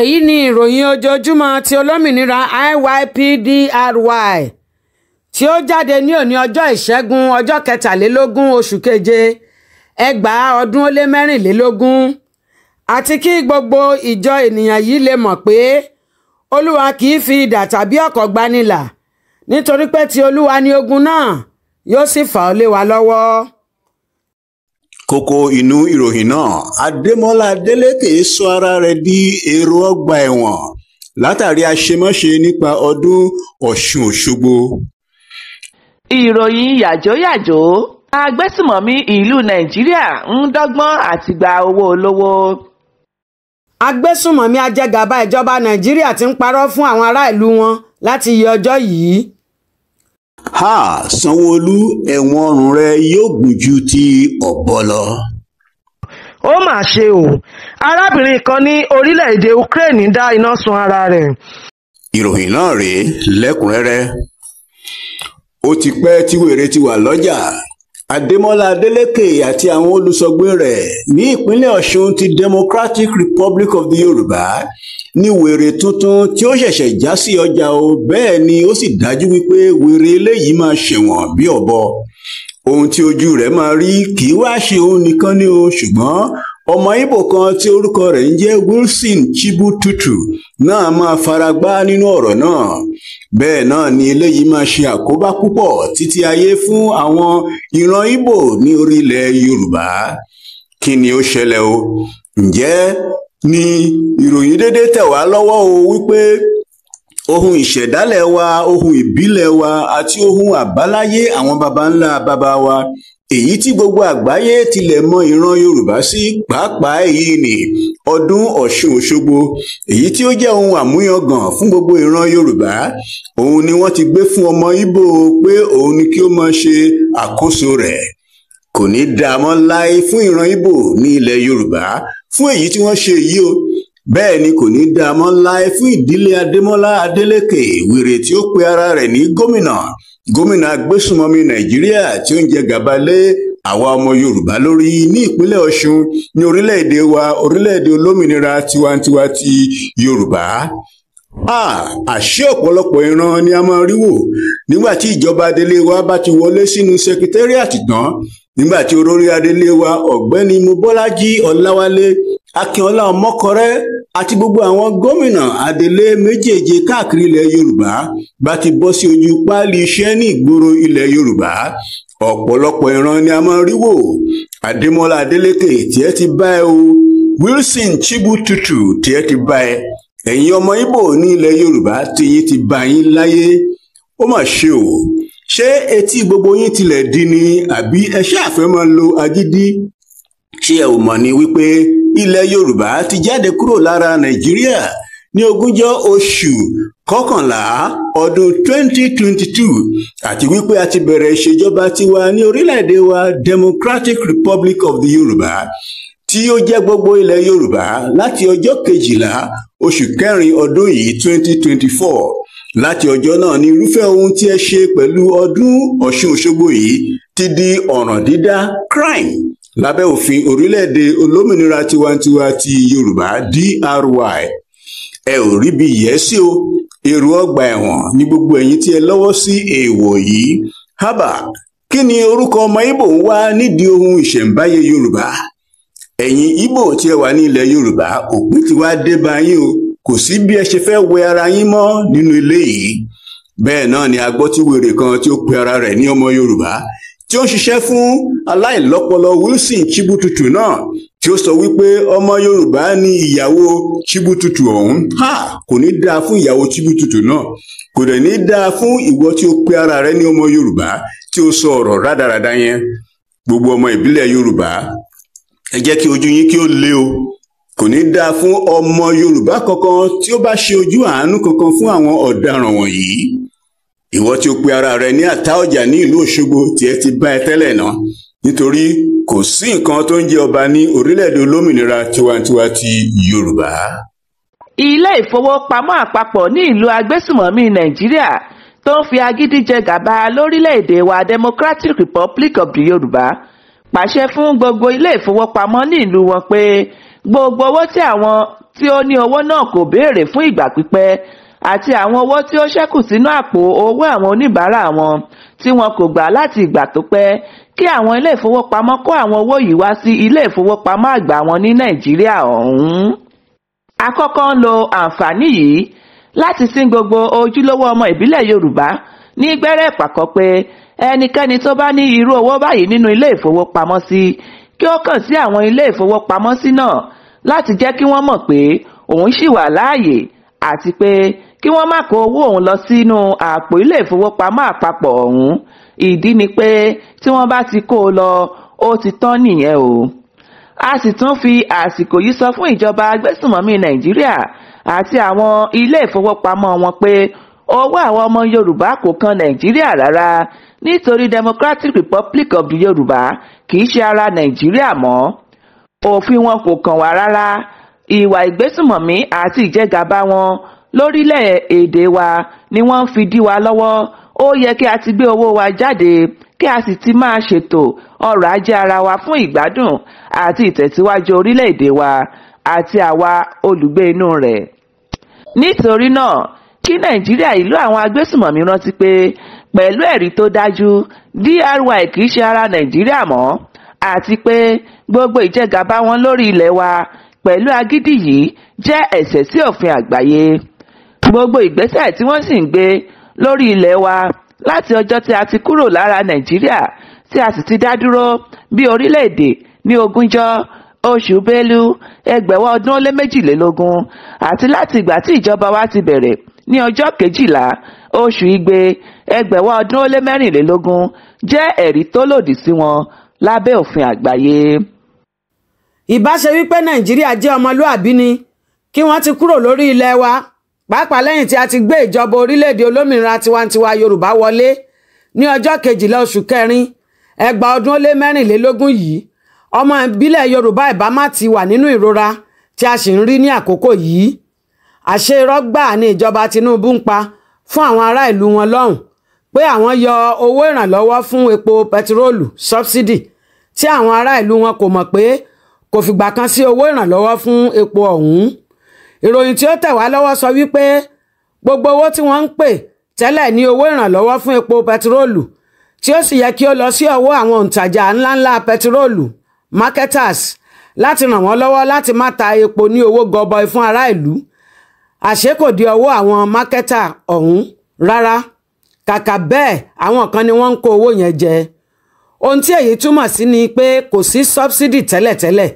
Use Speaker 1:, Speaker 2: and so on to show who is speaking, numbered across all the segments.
Speaker 1: èyí ni ìròyìn ojoojúmọ́ ti olómìnira IYPDRY tí ó jáde ní òní ọjọ́ ìṣẹ́gun ọjọ́ kẹtàlélógún oṣù keje ẹgbàá ọdún ó lé mẹ́rìnlélógún àti kí gbogbo ìjọ ènìyàn yìí lè mọ̀ pé olúwa kì í fi idà tàbí ọ̀kọ̀ gbanilà nítorí pé ti olúwa ni ogun náà yóò sì fà ó lé wa lọ́wọ́
Speaker 2: kókó inú ìròyìn náà
Speaker 1: adémọlá adélékè sọ ara rẹ̀ di
Speaker 2: èrò ọgbà ẹ̀wọ̀n látàrí àṣemáṣe nípa ọdún ọ̀ṣun òṣogbo.
Speaker 3: ìròyìn yàjóyàjó agbésùmọ̀mí ìlú
Speaker 1: nàìjíríà ń dọ́gbọ́n àti gba owó olówó. agbésùmọ̀mí ajẹgàba ìjọba nàìjíríà ti ń parọ́ fún àwọn ará ìlú wọn láti iye ọjọ́ yìí ha sanwóolu ẹ̀wọ̀n ọrùn rẹ yóò gùn ju ti
Speaker 4: ọ̀bọ lọ. ó mà ṣe o arábìnrin kan ní orílẹ̀-èdè Ukraine dá iná sun ara rẹ̀.
Speaker 2: ìròyìn náà rèé lẹ́kùnrẹ́rẹ́ ó ti pẹ́ tí wèrè ti wà lọ́jà Adémọ́lá Adélékè àti àwọn olùsọgbé rẹ̀ ní ìpínlẹ̀ Ọ̀ṣun ti Democratic Republic of the Yorùbá ní wèrè tuntun tí ó ṣẹ̀ṣẹ̀ já sí ọjà o bẹ́ẹ̀ ni ó sì dájú wípé wèrè eléyìí máa ṣẹ̀wọ̀n bí ọ̀bọ ohun tí ojú rẹ̀ máa rí kì í wá ṣe òun nìkan ni o ṣùgbọ́n ọmọ Ìgbò kan tí orúkọ rẹ̀ ń jẹ́ Wilson Chibututu náà máa faragbá nínú ọ̀rọ̀ náà bẹ́ẹ̀ náà ni eléyìí máa ṣe àkóbá púpọ̀ títí ayé fún àwọn ìran Ìgbò ní orílẹ̀ Yorùbá kí ni ó ṣẹlẹ̀ o ǹjẹ́ ni ìròyìn dédé tẹ̀ wá lọ́wọ́ o wípé ohun ìṣẹ̀dálẹ̀ wa ohun ìbílẹ̀ wa àti ohun àbáláyé àwọn baba ńlá baba wa èyí tí gbogbo àgbáyé tilẹ̀ mọ ìran yorùbá sí pàápàá èyí ni ọdún ọ̀ṣun òṣogbo èyí tí ó jẹ́ ohun àmúyangàn fún gbogbo ìran yorùbá òun ni wọ́n ti gbé fún ọmọ ìgbò pé òun ni kí ó máa ṣe àkóso rẹ̀ kò ní dáa mọ́ láé fún ìran ìgbò ní ilẹ̀ yorùbá fún èyí tí wọ́n ṣe yìí o bẹ́ẹ̀ ni kò ní dáa mọ́ láé fún ìdílé adémọ́lá adélékè wèrè tí ó pe ara rẹ̀ ní gómìnà gómìnà agbésùnmọ̀mí nàìjíríà tí ó ń jẹ gàba lé àwa ọmọ yorùbá lórí ní ìpínlẹ̀ ọ̀ṣun ní orílẹ̀-èdè wa orílẹ̀-èdè olómìnira tiwantiwa ti yorùbá àṣé ọ̀pọ̀lọpọ̀ ìran ni a máa rí wò nígbà tí ìjọba adelé wa bá ti wọlé sínú sekitẹ́rìàtì tán nígbà tí olórí adelé wa ọ̀gbẹ́ni mobọ́lájí ọláwálé akínọlá ọmọkọrẹ àti gbogbo àwọn gómìnà adelé méjèèje káàkiri ilẹ̀ yorùbá bá ti bọ́ sí ojú páálí iṣẹ́ ní ìgboro ilẹ̀ yorùbá ọ̀pọ̀lọpọ̀ ìran ni a máa rí wò adémọ́lá adélékè tí ti bá ẹ o wilson chibututu tí ẹ ti bá ẹ ẹ̀yin ọmọ ibo ní ilẹ̀ yorùbá tí yín ti bá yín láyé ó mà ṣe o ṣé etí gbogbo yín tilẹ̀ di ni àbí ẹ ṣáà fẹ́ máa lo agídí ṣé ẹ ò mọ̀ ni wípé ilẹ̀ yorùbá ti jáde kúrò lára nàìjíríà ní ogúnjọ́ oṣù kọkànlá ọdún 2022 àti wípé a ti bẹ̀rẹ̀ ìṣèjọba tiwa ní orílẹ̀-èdè wa Democratic Republic of the Yorùbá tí ó jẹ́ gbogbo ilẹ̀ yorùbá láti ọjọ́ kejìlá oṣù kẹrin ọdún yìí 2024 láti ọjọ́ náà ni irúfẹ́ ohun tí ẹ ṣe pẹ̀lú ọdún ọ̀ṣun òṣogbo yìí ti di ọ̀ràn dídá crime lábẹ́ òfin orílẹ̀-èdè olómìnira tiwantiwa ti yorùbá DRY ẹ ò rí bí yẹ́ sí o èrò ọgbà ẹ̀wọ̀n ní gbogbo ẹ̀yin tí ẹ lọ́wọ́ sí èèwọ̀ yìí hábà kí ni orúkọ ọmọ Ìgbò ń wá nídìí ohun ìṣẹ̀ǹbáyé yorùbá ẹ̀yin Ìgbò tí ẹ wà ní ilẹ̀ yorùbá òpin ti wá dé bá yín o kò sí bí ẹ ṣe fẹ́ wẹ ara yín mọ́ nínú ilé yìí bẹ́ẹ̀ náà ni agbọ́tíwèrè kan tí ó pe ara rẹ̀ ní ọmọ yorùbá tí ó ń ṣiṣẹ́ fún aláìlọ́pọlọ Wilson Chibututu náà tí ó sọ wípé ọmọ Yorùbá ni ìyàwó Chibututu ọ̀hún ha kò ní dáa fún ìyàwó Chibututu náà kò dẹ̀ ní dáa fún ìwọ tí ó pe ara rẹ ní ọmọ Yorùbá tí ó sọ ọ̀rọ̀ rádaràda yẹn gbogbo ọmọ ìbílẹ̀ Yorùbá ẹ jẹ́ kí ojú yín kí ó le o kò ní dáa fún ọmọ Yorùbá kankan tí ó bá ṣe ojú àánú kankan fún àwọn ọ̀daràn wọ̀nyí ìwọ tí o pe ara rẹ ní àtà ọjà ní ìlú Òṣogbo tiẹ̀ ti bá ẹ tẹ́lẹ̀ náà nítorí kò sí nǹkan tó ń jẹ ọba ní orílẹ̀-èdè olómìnira tiwantiwa ti Yorùbá.
Speaker 3: ilé ìfowópamọ́ àpapọ̀ ní ìlú agbésùmọ̀mí Nàìjíríà tó ń fi agídí jẹ gàba lórílẹ̀-èdè wa Democratic Republic of the Yorùbá pàṣẹ fún gbogbo ilé ìfowópamọ́ ní ìlú wọn pé gbogbo owó tí àwọn tí ó ní owó náà kò béèrè fún ìgbà pípẹ́ àti àwọn owó tí ó ṣẹ́kù sínú àpò owó àwọn oníbàárà wọn tí wọn kò gbà láti ìgbà tó pẹ́ kí àwọn ilé ìfowópamọ́ kó àwọn owó yìí wá sí ilé ìfowópamọ́ àgbà wọn ní nàìjíríà ọ̀hún. àkọ́kọ́ ń lo àǹfààní yìí láti sin gbogbo ojúlówó ọmọ ìbílẹ̀ yorùbá ní gbẹ́rẹ́ ìpàkọ́ pé ẹnikẹ́ni tó bá ní irú owó báyìí nínú ilé ìfowópamọ́sí kí ó kàn sí àwọn ilé ìfowópamọ́sí náà láti jẹ́ kí wọ́n mọ̀ pé òun ṣì wà láàyè àti pé kí wọ́n má kó owó ọ̀hún lọ sínú àpò ilé ìfowópamọ́ àpapọ̀ ọ̀hún ìdí ni pé tí wọ́n bá ti kó o lọ ó ti tán nìyẹn o. a sì tún fi àsìkò yìí sọ fún ìjọba agbésùmọ̀mí nàìjíríà àti àwọn ilé ìfowópamọ́ wọn pé owó àwọn ọmọ yorùbá kò kan nàìjíríà rárá nítorí democratic republic of the yorùbá kì í ṣe ara nàìjíríà mọ́ òfin wọn kò kàn wá rárá ìwà ìgbésùmọ̀mí àti ìjẹgàba wọn lórílẹ̀-èdè wa ni wọ́n ń fi dí wa lọ́wọ́ ó yẹ kí a ti gbé owó wa jáde kí a sì ti máa ṣètò ọrọ̀ ajé ara wa fún ìgbádùn àti ìtẹ̀síwájú orílẹ̀-èdè wa àti àwa olùgbé inú rẹ̀. nítorí náà kí nàìjíríà ìlú àwọn agbésùmọ̀mí rántí pé pẹ̀lú ẹ̀rí tó dájú DRY kì í ṣe ara nàìjíríà mọ́ àti pé gbogbo ìjẹgàba wọn lórí ilẹ̀ wa pẹ̀lú agídí yìí jẹ́ ẹ̀ṣẹ̀ sí òfin àgbáyé gbogbo ìgbésẹ̀ tí wọ́n sì ń gbé lórí ilẹ̀ wa láti ọjọ́ tí a ti kúrò lára nàìjíríà tí a sì ti dá dúró bí orílẹ̀-èdè ní ogúnjọ́ oṣù bélú ẹgbẹ̀wọ́ ọdún ó lé méjìlélógún àti láti ìgbà tí ìjọba wa ti bẹ̀rẹ̀ ní ọjọ́ kejìlá oṣù igbe ẹgbẹ̀wọ́ ọdún ó lé mẹ́rìnlélógún jẹ́ ẹ̀rí tó lòdì sí wọn lábẹ́ òfin àgbáyé.
Speaker 1: ìbáṣe wípé nàìjíríà jẹ́ ọmọlúàbí ni kí wọ́n ti kúrò lórí ilẹ̀ wa pàápàá lẹ́yìn tí a ti gbé ìjọba orílẹ̀-èdè olómìnira tiwantiwa yorùbá wọlé ní ọjọ́ kejìlá oṣù kẹrin ẹgbàá ọdún ó lé mẹ́rìnlélógún yìí ọmọ ìbílẹ̀ yorùbá ìbámá ti wà nínú ìrora tí a sì ń rí ní àkókò yìí àṣẹ irọ́ gbáà ni ìjọba tinubu ń pa fún àwọn ará ìlú wọn lọ́hùn pé àwọn yọ owó ìrànlọ́wọ́ fún epo pẹtiróòlù subsidy tí àwọn ará ìlú wọn kò mọ̀ pé kò fìgbà kan sí owó ìrànlọ́wọ́ fún epo ọ̀hún ìròyìn tí ó tẹ̀ wá lọ́wọ́ sọ wípé gbogbo owó tí wọ́n ń pè tẹ́lẹ̀ ní owó ìrànlọ́wọ́ fún epo pẹtiróòlù tí ó sì yẹ kí ó lọ sí ọwọ́ àwọn òǹtajà ńláńlá pẹtiróòlù marketers láti ràn wọ́n lọ́wọ́ láti má ta epo ní owó gọbọi fún ará ìlú àṣé kò di ọwọ́ àwọn mákẹ́tà ọ̀hún rárá kàkà bẹ́ẹ̀ àwọn kan ni wọ́n ń kó owó yẹn jẹ ohun tí èyí túmọ̀ sí ni pé kò sí sọ́bsidì tẹ́lẹ̀tẹ́lẹ̀ tẹ́lẹ̀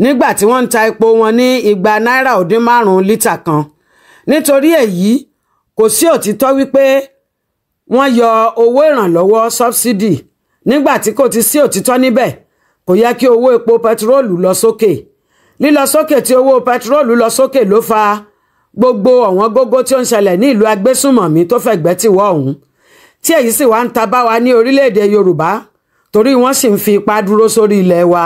Speaker 1: nígbà tí wọ́n ń ta epo wọn ní igba náírà ó dín márùn-ún lítà kan nítorí èyí kò sí òtítọ́ wípé wọ́n yọ owó ìrànlọ́wọ́ sọ́bsidì nígbà tí kò ti sí òtítọ́ níbẹ̀ kò yẹ kí owó epo pẹtiróòlù lọ sókè lílọ sókè tí owó pẹtiróòlù lọ sókè ló fa gbogbo ọ̀wọ́n gógó tí ó ń ṣẹlẹ̀ ní ìlú agbésùmọ̀mí tó fẹ̀gbẹ́ tì wọ́ ọ̀hún tí èyí sì wá ń ta bá wa ní orílẹ̀-èdè yorùbá torí wọ́n sì ń fi ipá dúró sórí ilẹ̀ wa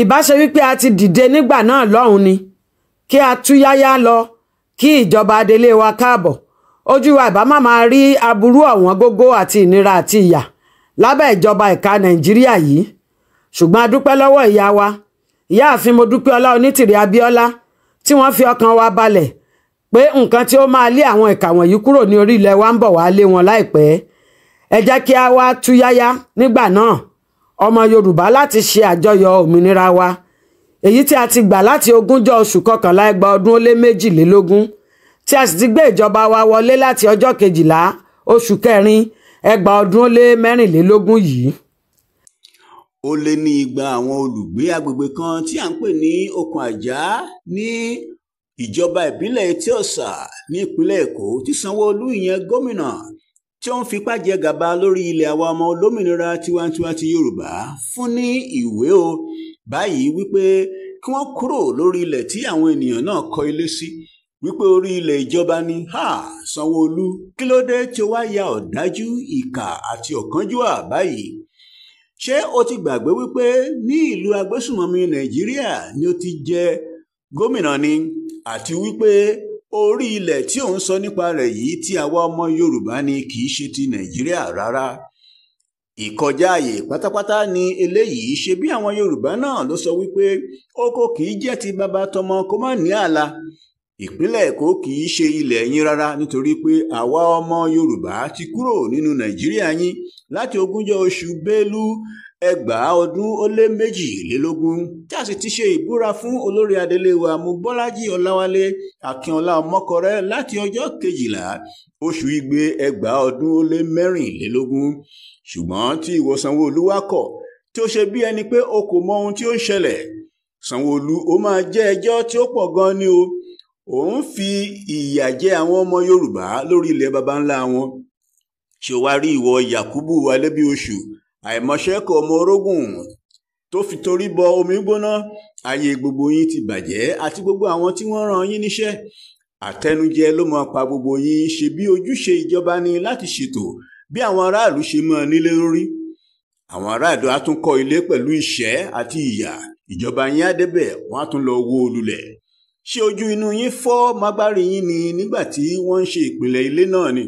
Speaker 1: ìbáṣe wípé a ti dìde nígbà náà lọ́hùn ni kí a túyáyá lọ kí ìjọba adelé wa káàbọ̀ ojú wa ìbá má máa rí aburú ọ̀wọ́n gógó àti ìnira àti ìyà lábẹ́ ìjọba ẹ̀ka nàìjíríà yìí ṣùgbọ́n a dúpẹ́ lọ́wọ́ ìyá wa ìyáàfin mo dúpẹ́ ọlá onítìrí abíọ́lá tí wọ́n fi ọkàn wa balẹ̀ pé nǹkan tí ó máa lé àwọn ìkà wọ̀nyí kúrò ní orí wa ń bọ̀ wá lé wọn láìpẹ́ ẹ jẹ́ kí a wá túyáyá nígbà náà ọmọ yorùbá láti ṣe àjọyọ̀ òmìnira wa èyí tí a ti gbà láti ogúnjọ́ oṣù kọkànlá ẹgbàá ọdún ó lé méjìlélógún tí a sì ti gbé ìjọba wa wọlé láti ọjọ́ kejìlá oṣù kẹrin ẹgbàá ọdún ó lé mẹ́rìnlélógún yìí.
Speaker 2: ó lé ní igba àwọn olùgbé agbègbè kan tí à ń pè ní okùn àjá ní ìjọba ìbílẹ̀ etí ọ̀sà ní ìpínlẹ̀ èkó tí sanwó-olú ìyẹn gómìnà tí ó ń fipá jẹ gàba lórí ilẹ̀ àwa ọmọ olómìnira tiwantiwa ti Yorùbá fún ní ìwé o báyìí wípé kí wọ́n kúrò lórí ilẹ̀ tí àwọn ènìyàn náà kọ́ ilé sí wípé orí ilẹ̀ ìjọba ni ha Sanwó-Olú kí ló dé tí ó wá ya ọ̀dájú ìkà àti ọ̀kánjúwà báyìí ṣé o ti gbàgbé wípé ní ìlú agbésùnmọ̀mí Nàìjíríà ni o ti jẹ gómìnà ni àti wípé orí ilẹ̀ tí ò ń sọ nípa rẹ̀ yìí tí àwa ọmọ yorùbá ni kì í ṣe ti nàìjíríà rárá ìkọjá àyè pátápátá ni eléyìí ṣe bí àwọn yorùbá náà ló sọ wípé oko kì í jẹ́ ti baba tọmọ kó má ní ààlà ìpínlẹ̀ èkó kì í ṣe ilẹ̀ yín rárá nítorí pé àwa ọmọ yorùbá ti kúrò nínú nàìjíríà yín láti ogúnjọ́ oṣù bélú ẹgbàá ọdún ó lé méjìlélógún tí a sì ti ṣe ìbúra fún olórí adelé wa mobọ́lájí ọláwálé akínọlá ọmọkọrẹ láti ọjọ́ kejìlá oṣù igbe ẹgbàá ọdún ó lé mẹ́rìnlélógún ṣùgbọ́n tí ìwọ sanwó-olú wá kọ̀ tí ó ṣe bí ẹni pé o kò mọ ohun tí ó ń ṣẹlẹ̀ sanwó ó máa jẹ́ ẹjọ́ tí ó pọ̀ gan-an ni o ò ń fi ìyà jẹ àwọn ọmọ yorùbá lórí ilẹ̀ baba ńlá wọn ṣé wàá rí ìwọ yakubu alẹ́bíoṣù àìmọṣẹ́kọ̀ ọmọ orógùn tó fi torí bọ omi gbóná ayé gbogbo yín ti bàjẹ́ àti gbogbo àwọn tí wọ́n rán yín níṣẹ́ àtẹnujẹ ló máa pa gbogbo yín ṣe bí ojúṣe ìjọba ni láti ṣètò bí àwọn aráàlú ṣe máa nílé lórí àwọn aráàlú á tún kọ́ ilé pẹ̀lú ìṣẹ́ àti ìyà ìjọba yín á débẹ̀ wọ́n á tún lọ wó olulẹ̀ ṣé ojú inú yín fọ́ magbárí yín ni nígbà tí wọ́n ń ṣe ìpìlẹ̀ ilé náà ni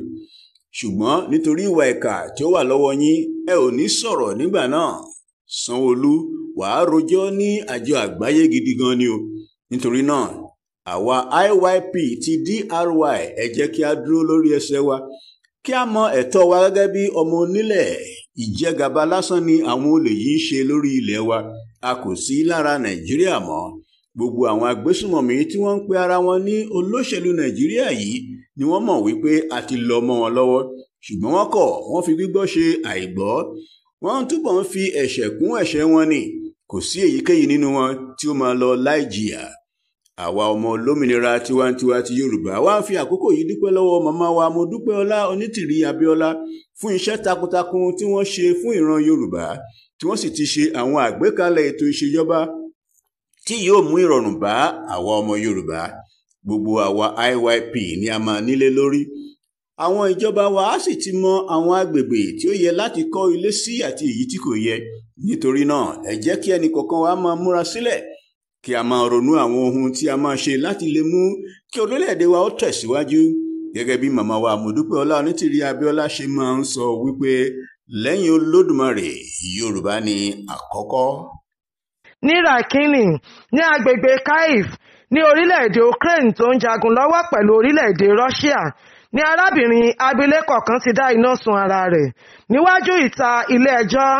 Speaker 2: ṣùgbọ́n nítorí ìwà ẹ̀ka tí ó wà lọ́wọ́ yín ẹ ò ní sọ̀rọ̀ nígbà náà sanwó wàá rojọ́ ní àjọ àgbáyé gidi gan ni o nítorí náà àwa IYP ti DRY ẹ jẹ́ kí a dúró lórí ẹsẹ̀ wa kí a mọ ẹ̀tọ́ wa gẹ́gẹ́ bí ọmọ onílẹ̀ ìjẹgàba lásán ni àwọn olè yìí ń ṣe lórí ilẹ̀ wa a kò sí lára Nàìjíríà mọ́ gbogbo àwọn agbésùmọ̀mí tí wọ́n ń pe ara wọn ní olóṣèlú nàìjíríà yìí ni wọ́n mọ̀ wípé a ti lọ mọ́ wọn lọ́wọ́ ṣùgbọ́n wọ́n kọ̀ wọ́n fi gbígbọ́ ṣe àìgbọ́ wọ́n túbọ̀ ń fi ẹ̀ṣẹ̀ kún ẹ̀ṣẹ̀ wọn ni kò sí èyíkéyìí nínú wọn tí ó máa lọ láì jìyà àwa ọmọ olómìnira tiwantiwa ti yorùbá wá ń fi àkókò yìí dúpẹ́ lọ́wọ́ màmá wa mo dúpẹ́ ọlá onítìrí abíọ́lá fún iṣẹ́ takuntakun tí wọ́n ṣe fún ìran yorùbá tí wọ́n sì ti ṣe àwọn àgbékalẹ̀ ètò ìṣèjọba tí yóò mú ìrọ̀rùn bá àwa ọmọ Yorùbá gbogbo àwa IYP ni a máa nílé lórí àwọn ìjọba wa á sì ti mọ àwọn agbègbè tí ó yẹ láti kọ́ ilé sí àti èyí tí kò yẹ nítorí náà ẹ jẹ́ kí ẹnì kọ̀ọ̀kan wa máa múra sílẹ̀ kí a máa ronú àwọn ohun tí a máa ṣe láti lè mú kí orílẹ̀-èdè wa ó tẹ̀síwájú gẹ́gẹ́ bí màmá wa Mọ́dúpẹ́ Ọlá Onítìrí Abíọ́lá ṣe máa ń sọ wípé lẹ́yìn Olódùmarè Yorùbá ni àkọ́kọ́
Speaker 4: ní Rakini ní agbègbè Kyiv ní orílẹ̀-èdè Ukraine tó ń jagun lọ́wọ́ pẹ̀lú orílẹ̀-èdè Russia ni arábìnrin abilékọ kan ti dá iná sun ara rẹ̀ níwájú ìta ilé-ẹjọ́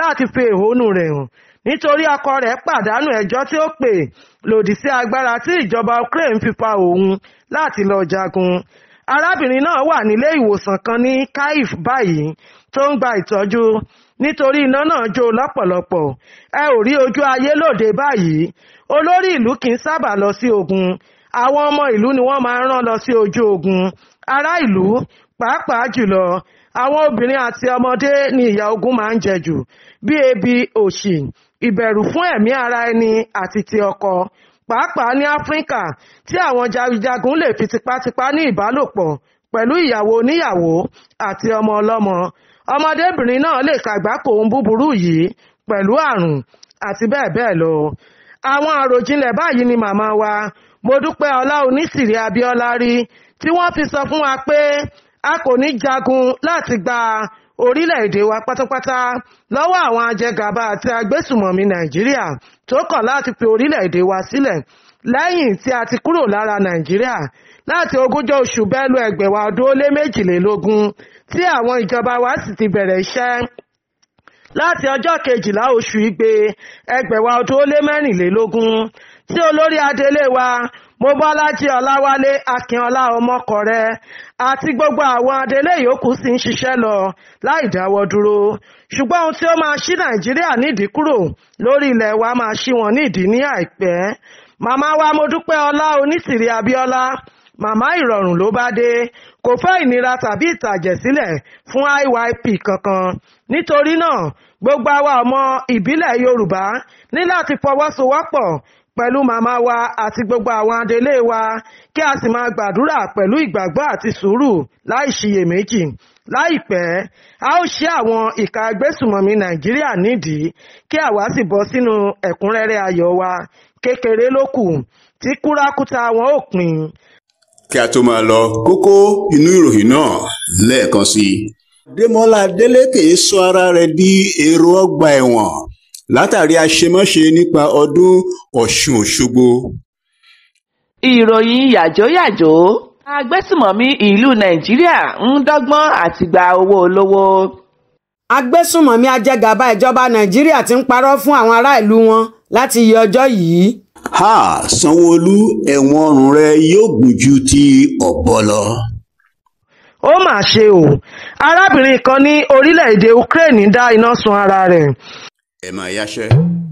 Speaker 4: láti fi èhónú rẹ̀ hàn nítorí ọkọ rẹ̀ pàdánù ẹjọ́ tí ó pè lòdì sí agbára tí ìjọba Ukraine fi pa òun láti lọ jagun arábìnrin náà wà nílé ìwòsàn kan ní Kyiv báyìí tó ń gba ìtọ́jú nítorí iná náà jó lọ́pọ̀lọpọ̀ ẹ ò rí ojú ayé lóde báyìí olórí ìlú kì í sábà lọ sí ogun àwọn ọmọ ìlú ni wọ́n máa ń rán lọ sí ojú ogun ará ìlú pàápàá jùlọ àwọn obìnrin àti ọmọdé ni ìyà ogun máa ń jẹ jù bí ebi òṣì ìbẹ̀rù fún ẹ̀mí ara ẹni àti ti ọkọ pàápàá ní áfíríkà tí àwọn jagunjagun lè fi tipátipá ní ìbálòpọ̀ pẹ̀lú ìyàwó oníyàwó àti ọmọ ọlọ́mọ ọmọdébìnrin náà lè kàgbákò ohun búburú yìí pẹ̀lú àrùn àti bẹ́ẹ̀ bẹ́ẹ̀ lọ àwọn àròjinlẹ̀ báyìí ni màmá wa Modúpẹ́ Ọlá Onísìrí Abíọ́lá rí tí wọ́n fi sọ fún wa pé a kò ní jagun láti gba orílẹ̀-èdè wa pátápátá lọ́wọ́ àwọn ajẹgàba àti agbésùmọ̀mí Nàìjíríà tó kọ̀ láti fi orílẹ̀-èdè wa sílẹ̀ lẹ́yìn tí a ti kúrò lára Nàìjíríà láti ogúnjọ́ oṣù bẹ́lú ẹgbẹ̀wá ọdún ó lé méjìlélógún tí àwọn ìjọba wa sì ti bẹ̀rẹ̀ iṣẹ́ láti ọjọ́ kejìlá oṣù igbe ẹgbẹ̀wá ọdún ó lé mẹ́rìnlélógún tí olórí adelé wa mobọ́lájí ọláwálé akínọlá ọmọkọrẹ àti gbogbo àwọn adelé yòókù sì ń ṣiṣẹ́ lọ láì dáwọ́ dúró ṣùgbọ́n ohun tí ó máa ṣí nàìjíríà nídìí kúrò lórí ilẹ̀ wa máa ṣí wọn nídìí ní àìpẹ́ màmá wa mo dúpẹ́ ọlá onítìrí abíọ́lá màmá ìrọ̀rùn ló bá dé kò fẹ́ ìnira tàbí ìtàjẹ̀sílẹ̀ fún IYP kankan nítorí náà gbogbo àwa ọmọ ìbílẹ̀ Yorùbá ní láti fọwọ́sowọ́pọ̀ pẹ̀lú màmá wa àti gbogbo àwọn adelé wa kí a sì máa gbàdúrà pẹ̀lú ìgbàgbọ́ àti sùúrù láì ṣiyèméjì láìpẹ́ a ó ṣe àwọn ìka agbésùmọ̀mí Nàìjíríà nídìí kí àwa sì bọ́ sínú ẹ̀kúnrẹ́rẹ́ ayọ̀ wa kékeré ló kù tí kúrákúta wọn ò pin
Speaker 2: kí a tó máa lọ kókó inú ìròyìn náà lẹ́ẹ̀kan sí i. Démọ́lá Adélékè sọ ara rẹ̀ di èrò ọgbà ẹ̀wọ̀n látàrí àṣemáṣe nípa ọdún Ọ̀ṣun Òṣogbo.
Speaker 3: Ìròyìn
Speaker 1: yàjóyàjó agbésùmọ̀mí ìlú Nàìjíríà ń dọ́gbọ́n àti gba owó olówó. Agbésùmọ̀mí ajẹgàba ìjọba Nàìjíríà ti ń parọ́ fún àwọn ará ìlú wọn láti iye ọjọ́ yìí ha sanwóolu ẹ̀wọ̀n ọrùn rẹ yóò
Speaker 2: gùn ju ti ọ̀bọ lọ.
Speaker 4: ó mà ṣe o arábìnrin kan ní orílẹ̀-èdè Ukraine dá iná sun ara rẹ̀.
Speaker 2: ẹ máa yáṣẹ́.